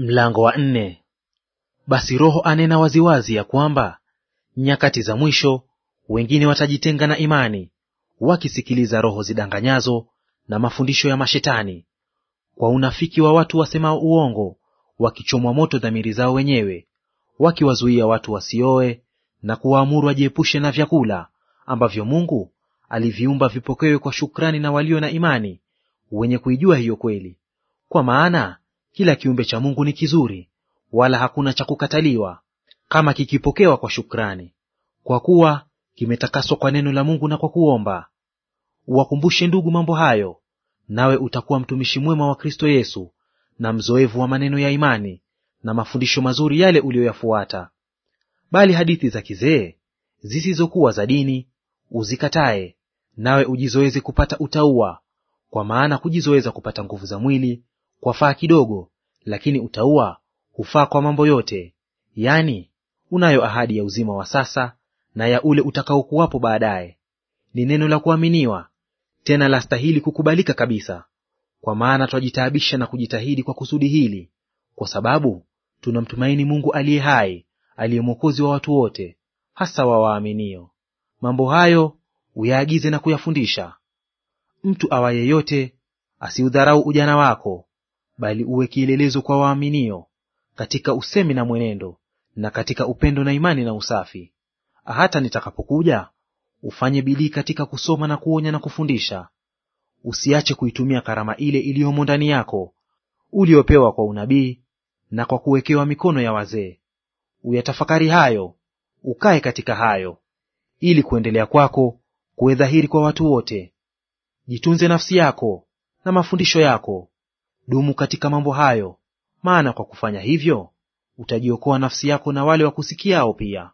Mlango wa nne. Basi Roho anena waziwazi ya kwamba nyakati za mwisho wengine watajitenga na imani, wakisikiliza roho zidanganyazo na mafundisho ya mashetani, kwa unafiki wa watu wasemao uongo, wakichomwa moto dhamiri zao wenyewe, wakiwazuia watu wasioe na kuwaamuru wajiepushe na vyakula ambavyo Mungu aliviumba vipokewe kwa shukrani na walio na imani wenye kuijua hiyo kweli. Kwa maana kila kiumbe cha Mungu ni kizuri, wala hakuna cha kukataliwa, kama kikipokewa kwa shukrani, kwa kuwa kimetakaswa kwa neno la Mungu na kwa kuomba. Uwakumbushe ndugu mambo hayo, nawe utakuwa mtumishi mwema wa Kristo Yesu, na mzoevu wa maneno ya imani na mafundisho mazuri yale uliyoyafuata. Bali hadithi za kizee zisizokuwa za dini uzikatae, nawe ujizoeze kupata utaua kwa maana kujizoeza kupata nguvu za mwili kwafaa kidogo, lakini utauwa hufaa kwa mambo yote. Yaani, unayo ahadi ya uzima wa sasa na ya ule utakaokuwapo baadaye. Ni neno la kuaminiwa, tena la stahili kukubalika kabisa. Kwa maana twajitaabisha na kujitahidi kwa kusudi hili, kwa sababu tunamtumaini Mungu aliye hai, aliye Mwokozi wa watu wote, hasa wa waaminio. Mambo hayo uyaagize na kuyafundisha. Mtu awa yeyote asiudharau ujana wako, bali uwe kielelezo kwa waaminio katika usemi na mwenendo, na katika upendo na imani na usafi. Hata nitakapokuja ufanye bidii katika kusoma na kuonya na kufundisha. Usiache kuitumia karama ile iliyomo ndani yako, uliopewa kwa unabii na kwa kuwekewa mikono ya wazee. Uyatafakari hayo, ukae katika hayo, ili kuendelea kwako kuwe dhahiri kwa watu wote. Jitunze nafsi yako na mafundisho yako, dumu katika mambo hayo, maana kwa kufanya hivyo utajiokoa nafsi yako na wale wakusikiao pia.